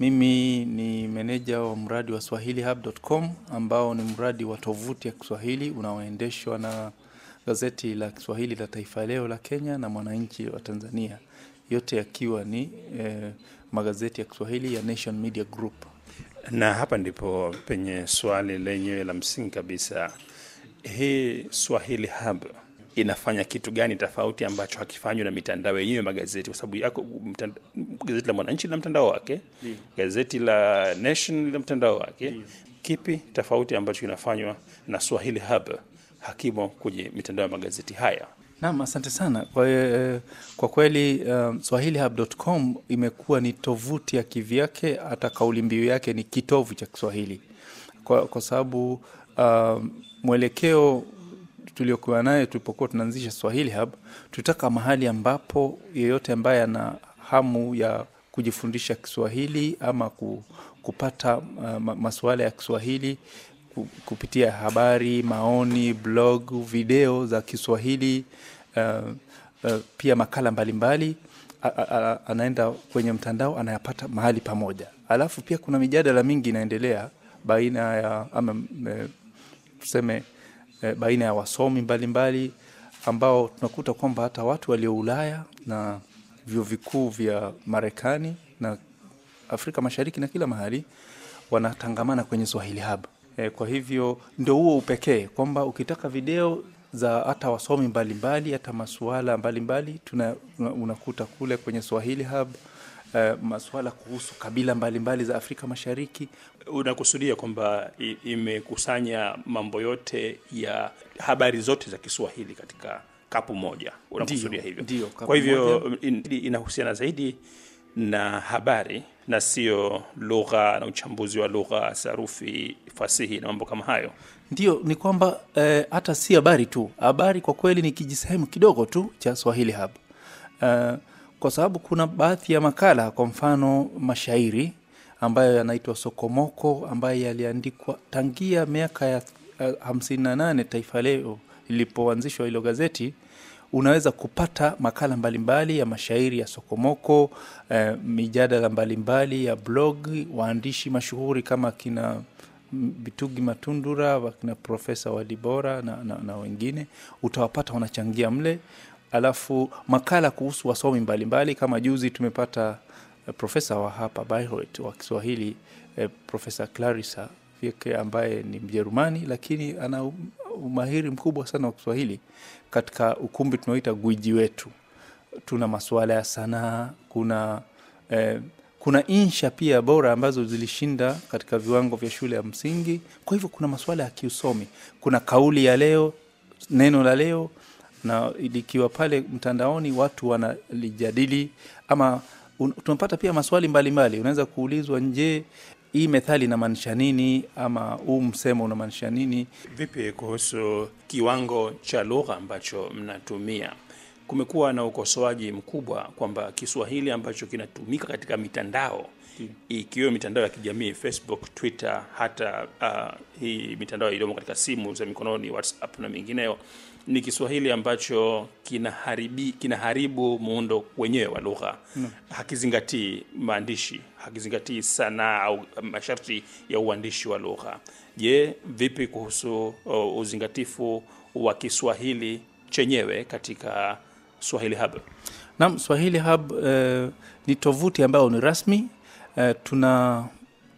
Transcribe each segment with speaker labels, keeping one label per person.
Speaker 1: Mimi ni meneja wa mradi wa swahilihub.com ambao ni mradi wa tovuti ya Kiswahili unaoendeshwa na gazeti la Kiswahili la Taifa Leo la Kenya na Mwananchi wa Tanzania, yote yakiwa ni eh, magazeti ya Kiswahili ya Nation Media Group. Na hapa ndipo penye swali lenyewe la msingi kabisa,
Speaker 2: hii Swahili Hub inafanya kitu gani tofauti ambacho hakifanywi na mitandao yenyewe magazeti, kwa sababu yako gazeti la Mwananchi lina mtandao wake, gazeti la Nation lina mtandao wake. Kipi tofauti ambacho kinafanywa na Swahili Hub hakimo kwenye mitandao ya magazeti haya?
Speaker 1: Naam, asante sana kwa, eh, kwa kweli um, eh, swahilihub.com imekuwa ni tovuti ya kivyake, hata kauli mbiu yake ni kitovu cha Kiswahili kwa, kwa sababu um, mwelekeo tuliokuwa naye tulipokuwa tunaanzisha Swahili Hub, tutaka mahali ambapo yeyote ambaye ana hamu ya kujifundisha Kiswahili ama kupata uh, masuala ya Kiswahili kupitia habari, maoni, blog, video za Kiswahili uh, uh, pia makala mbalimbali mbali, anaenda kwenye mtandao anayapata mahali pamoja. Alafu pia kuna mijadala mingi inaendelea baina ya ama tuseme e, baina ya wasomi mbalimbali mbali, ambao tunakuta kwamba hata watu walio Ulaya na vyuo vikuu vya Marekani na Afrika Mashariki na kila mahali wanatangamana kwenye Swahili Hub. E, kwa hivyo ndio huo upekee kwamba ukitaka video za hata wasomi mbalimbali hata masuala mbalimbali unakuta kule kwenye Swahili Hub uh, eh, masuala kuhusu kabila mbalimbali mbali za Afrika Mashariki.
Speaker 2: Unakusudia kwamba imekusanya mambo yote ya habari zote za Kiswahili katika kapu moja, unakusudia hivyo? Ndiyo, kapu kwa hivyo in, inahusiana zaidi na habari na sio lugha na uchambuzi wa lugha, sarufi, fasihi na mambo kama hayo.
Speaker 1: Ndiyo, ni kwamba eh, hata si habari tu. Habari kwa kweli ni kijisehemu kidogo tu cha Swahili Hub. Uh, kwa sababu kuna baadhi ya makala, kwa mfano mashairi ambayo yanaitwa Sokomoko, ambayo yaliandikwa tangia miaka ya 58 eh, Taifa Leo lilipoanzishwa hilo gazeti. Unaweza kupata makala mbalimbali mbali ya mashairi ya Sokomoko, eh, mijadala mbalimbali ya blog, waandishi mashuhuri kama kina Bitugi Matundura, wakina Profesa Walibora na, na, na wengine utawapata wanachangia mle alafu makala kuhusu wasomi mbalimbali. Kama juzi tumepata eh, profesa wa hapa Bayreuth wa Kiswahili eh, Profesa Clarissa Fike ambaye ni Mjerumani lakini ana um, umahiri mkubwa sana wa Kiswahili. Katika ukumbi tunaoita gwiji wetu tuna masuala ya sanaa, kuna eh, kuna insha pia bora ambazo zilishinda katika viwango vya shule ya msingi. Kwa hivyo kuna masuala ya kiusomi, kuna kauli ya leo, neno la leo na likiwa pale mtandaoni watu wanalijadili ama un, tunapata pia maswali mbalimbali. Unaweza kuulizwa, nje hii methali inamaanisha nini ama huu msemo unamaanisha nini?
Speaker 2: Vipi kuhusu kiwango cha lugha ambacho mnatumia? Kumekuwa na ukosoaji mkubwa kwamba Kiswahili ambacho kinatumika katika mitandao ikiwemo mitandao ya kijamii Facebook, Twitter, hata uh, hii mitandao iliyomo katika simu za mikononi WhatsApp na mingineyo, ni Kiswahili ambacho kinaharibi kinaharibu muundo wenyewe wa lugha mm. Hakizingatii maandishi, hakizingatii sanaa au masharti ya uandishi wa lugha. Je, vipi kuhusu uh, uzingatifu wa Kiswahili chenyewe katika Swahili Hub?
Speaker 1: Naam, Swahili Hub uh, ni tovuti ambayo ni rasmi Eh, tuna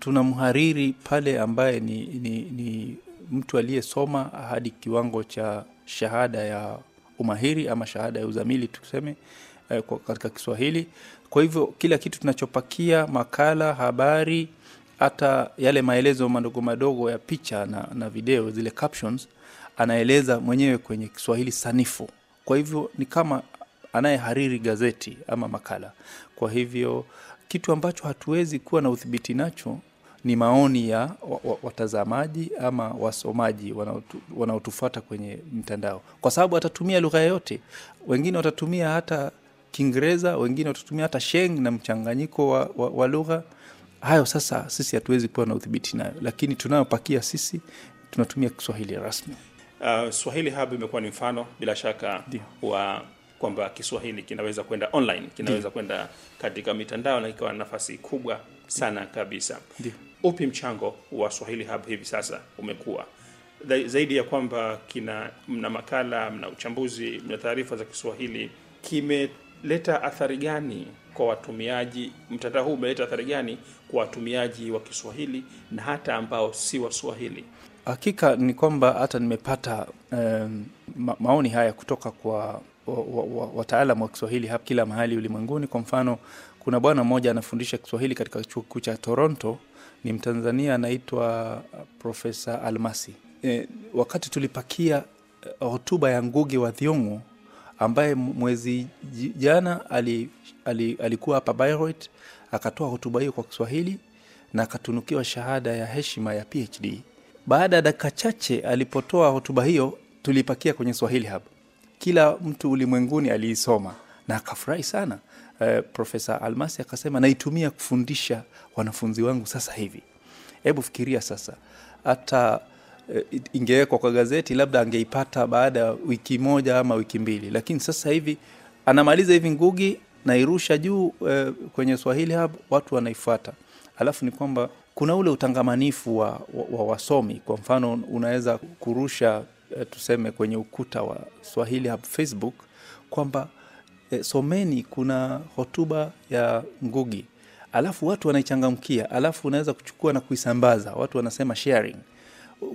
Speaker 1: tuna mhariri pale ambaye ni, ni, ni mtu aliyesoma hadi kiwango cha shahada ya umahiri ama shahada ya uzamili tuseme eh, katika Kiswahili. Kwa hivyo kila kitu tunachopakia, makala, habari, hata yale maelezo madogo madogo ya picha na, na video zile captions, anaeleza mwenyewe kwenye Kiswahili sanifu. Kwa hivyo ni kama anayehariri gazeti ama makala. Kwa hivyo kitu ambacho hatuwezi kuwa na udhibiti nacho ni maoni ya watazamaji ama wasomaji wanaotufuata kwenye mtandao, kwa sababu watatumia lugha yoyote. Wengine watatumia hata Kiingereza, wengine watatumia hata Sheng na mchanganyiko wa, wa, wa lugha hayo. Sasa sisi hatuwezi kuwa na udhibiti nayo, lakini tunayopakia sisi tunatumia Kiswahili rasmi.
Speaker 2: Uh, Swahili Hub imekuwa ni mfano bila shaka Dio. wa kwamba Kiswahili kinaweza kwenda online, kinaweza kwenda katika mitandao na ikawa nafasi kubwa sana kabisa. Ndiyo. Upi mchango wa Swahili Hub hivi sasa umekuwa zaidi ya kwamba kina mna makala, mna uchambuzi, mna taarifa za Kiswahili, kimeleta athari gani kwa watumiaji? Mtandao huu umeleta athari gani kwa watumiaji wa Kiswahili na hata ambao si Waswahili?
Speaker 1: Hakika ni kwamba hata nimepata um, ma maoni haya kutoka kwa wataalamu wa, wa, wa Kiswahili hapa kila mahali ulimwenguni. Kwa mfano, kuna bwana mmoja anafundisha Kiswahili katika chuo kikuu cha Toronto, ni Mtanzania anaitwa Profesa Almasi. E, wakati tulipakia eh, hotuba ya Ngugi wa Thiong'o ambaye mwezi jana ali, ali, alikuwa hapa Bayreuth akatoa hotuba hiyo kwa Kiswahili na akatunukiwa shahada ya heshima ya PhD. Baada ya dakika chache alipotoa hotuba hiyo, tulipakia kwenye Swahili Hub, kila mtu ulimwenguni aliisoma na akafurahi sana. Uh, Profesa Almasi akasema naitumia kufundisha wanafunzi wangu sasa hivi. Hebu fikiria sasa, hata uh, ingewekwa kwa gazeti labda angeipata baada ya wiki moja ama wiki mbili, lakini sasa hivi anamaliza hivi Ngugi nairusha juu uh, kwenye Swahili Hub, watu wanaifuata. Alafu ni kwamba kuna ule utangamanifu wa, wa, wa wasomi. Kwa mfano unaweza kurusha eh, tuseme kwenye ukuta wa Swahili Hub Facebook kwamba e, someni kuna hotuba ya Ngugi, alafu watu wanaichangamkia, alafu unaweza kuchukua na kuisambaza, watu wanasema sharing.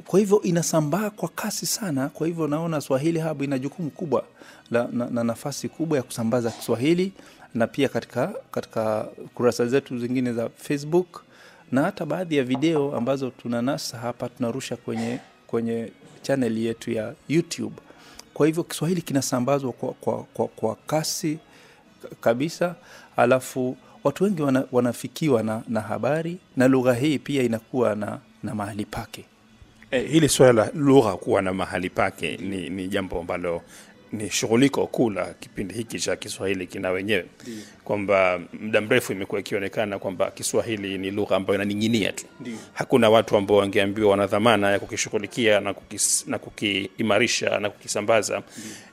Speaker 1: Kwa hivyo inasambaa kwa kasi sana. Kwa hivyo naona Swahili Hub ina jukumu kubwa la, na, na nafasi kubwa ya kusambaza Kiswahili na pia katika, katika kurasa zetu zingine za Facebook na hata baadhi ya video ambazo tunanasa hapa tunarusha kwenye, kwenye chaneli yetu ya YouTube. Kwa hivyo Kiswahili kinasambazwa kwa, kwa, kwa, kwa kasi kabisa, alafu watu wengi wana, wanafikiwa na, na habari na lugha hii pia inakuwa na, na mahali pake.
Speaker 2: Eh, hili suala la lugha kuwa na mahali pake ni, ni jambo ambalo ni shughuliko kuu la kipindi hiki cha Kiswahili kina wenyewe, kwamba muda mrefu imekuwa ikionekana kwamba Kiswahili ni lugha ambayo inaning'inia tu. Ndiyo. Hakuna watu ambao wangeambiwa wana dhamana ya kukishughulikia na, kukis, na kukiimarisha na kukisambaza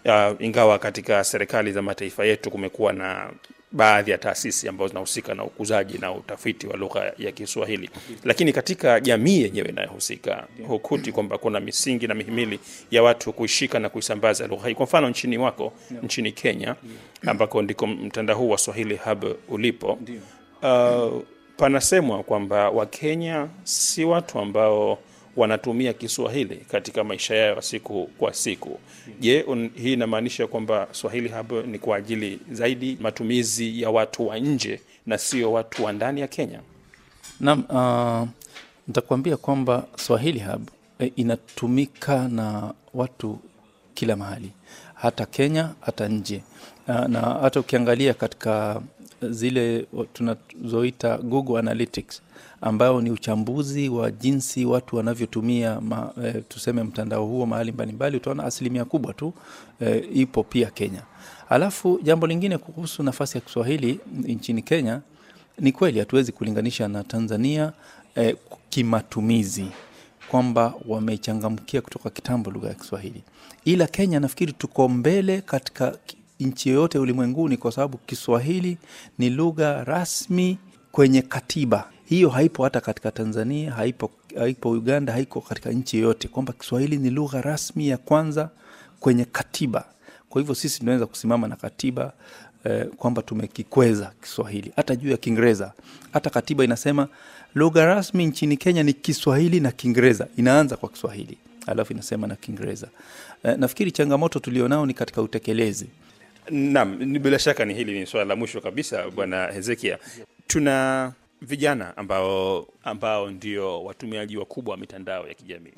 Speaker 2: uh, ingawa katika serikali za mataifa yetu kumekuwa na baadhi ya taasisi ambazo zinahusika na ukuzaji na utafiti wa lugha ya Kiswahili, lakini katika jamii yenyewe inayohusika hukuti kwamba kuna misingi na mihimili ya watu kuishika na kuisambaza lugha hii. Kwa mfano nchini wako, nchini Kenya ambako ndiko mtandao huu wa Swahili Hub ulipo, uh, panasemwa kwamba Wakenya si watu ambao wanatumia Kiswahili katika maisha yao ya siku kwa siku. Je, hii inamaanisha kwamba Swahili hapo ni kwa ajili zaidi matumizi ya watu wa nje na sio watu wa ndani ya Kenya?
Speaker 1: Naam, uh, ah, nitakuambia kwamba Swahili Hub eh, inatumika na watu kila mahali, hata Kenya, hata nje, ah, na hata ukiangalia katika zile tunazoita Google Analytics ambayo ni uchambuzi wa jinsi watu wanavyotumia ma, e, tuseme mtandao huo mahali mbalimbali, utaona asilimia kubwa tu e, ipo pia Kenya. Alafu jambo lingine kuhusu nafasi ya Kiswahili nchini Kenya, ni kweli hatuwezi kulinganisha na Tanzania e, kimatumizi kwamba wamechangamkia kutoka kitambo lugha ya Kiswahili, ila Kenya nafikiri tuko mbele katika nchi yoyote ulimwenguni, kwa sababu Kiswahili ni lugha rasmi kwenye katiba. Hiyo haipo hata katika Tanzania, haipo, haipo Uganda, haiko katika nchi yoyote, kwamba Kiswahili ni lugha rasmi ya kwanza kwenye katiba. Kwa hivyo sisi tunaweza kusimama na katiba eh, kwamba tumekikweza Kiswahili hata juu ya Kiingereza. Hata katiba inasema lugha rasmi nchini Kenya ni Kiswahili na Kiingereza, inaanza kwa Kiswahili alafu inasema na Kiingereza. Eh, nafikiri changamoto tulionao ni katika utekelezi. Naam, bila
Speaker 2: shaka ni hili ni swala la mwisho kabisa Bwana Hezekia. Tuna vijana ambao ambao ndio watumiaji wakubwa wa mitandao ya kijamii.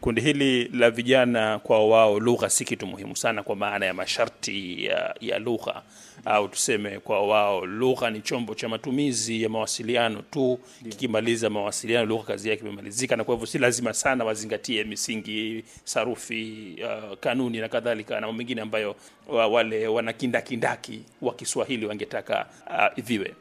Speaker 2: Kundi hili la vijana kwa wao lugha si kitu muhimu sana kwa maana ya masharti ya, ya lugha au tuseme kwa wao lugha ni chombo cha matumizi ya mawasiliano tu. Kikimaliza mawasiliano, lugha kazi yake imemalizika, na kwa hivyo si lazima sana wazingatie misingi, sarufi, uh, kanuni na kadhalika na mengine ambayo wale wanakindakindaki wa Kiswahili wangetaka uh, viwe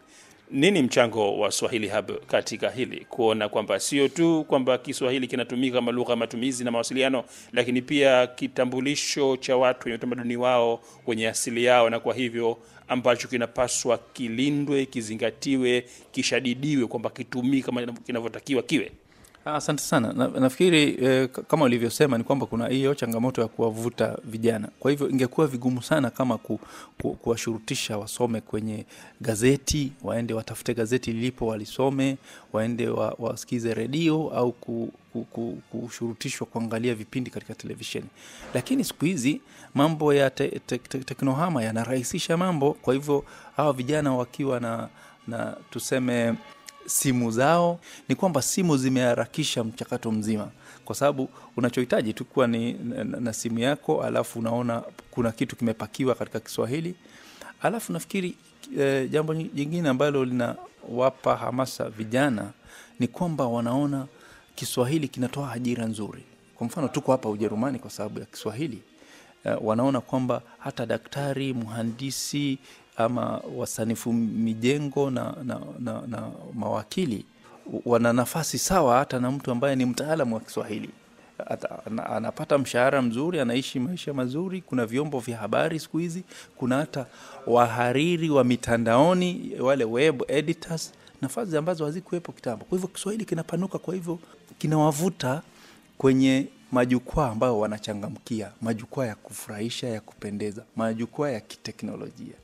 Speaker 2: nini mchango wa Swahili Hub katika hili kuona kwamba sio tu kwamba Kiswahili kinatumika kama lugha ya matumizi na mawasiliano, lakini pia kitambulisho cha watu wenye utamaduni wao, wenye asili yao, na kwa hivyo ambacho kinapaswa kilindwe, kizingatiwe, kishadidiwe kwamba kitumii kama kinavyotakiwa kiwe?
Speaker 1: Asante sana na, nafikiri eh, kama ulivyosema ni kwamba kuna hiyo changamoto ya kuwavuta vijana. Kwa hivyo ingekuwa vigumu sana kama ku, ku, kuwashurutisha wasome kwenye gazeti, waende watafute gazeti lilipo walisome, waende wa, wasikize redio au ku, kushurutishwa kuangalia vipindi katika televisheni. Lakini siku hizi mambo ya te, te, te, teknohama yanarahisisha mambo. Kwa hivyo hawa vijana wakiwa na, na tuseme simu zao, ni kwamba simu zimeharakisha mchakato mzima, kwa sababu unachohitaji tu kuwa ni na, na simu yako, alafu unaona kuna kitu kimepakiwa katika Kiswahili. Alafu nafikiri eh, jambo jingine ambalo linawapa hamasa vijana ni kwamba wanaona Kiswahili kinatoa ajira nzuri. Kwa mfano tuko hapa Ujerumani kwa sababu ya Kiswahili. Uh, wanaona kwamba hata daktari, mhandisi, ama wasanifu mijengo na, na, na, na mawakili wana nafasi sawa hata na mtu ambaye ni mtaalamu wa Kiswahili. Anapata mshahara mzuri, anaishi maisha mazuri. Kuna vyombo vya habari siku hizi, kuna hata wahariri wa mitandaoni, wale web editors, nafasi ambazo hazikuwepo kitambo. Kwa hivyo Kiswahili kinapanuka, kwa hivyo kinawavuta kwenye majukwaa ambayo wanachangamkia, majukwaa ya kufurahisha, ya kupendeza, majukwaa ya kiteknolojia.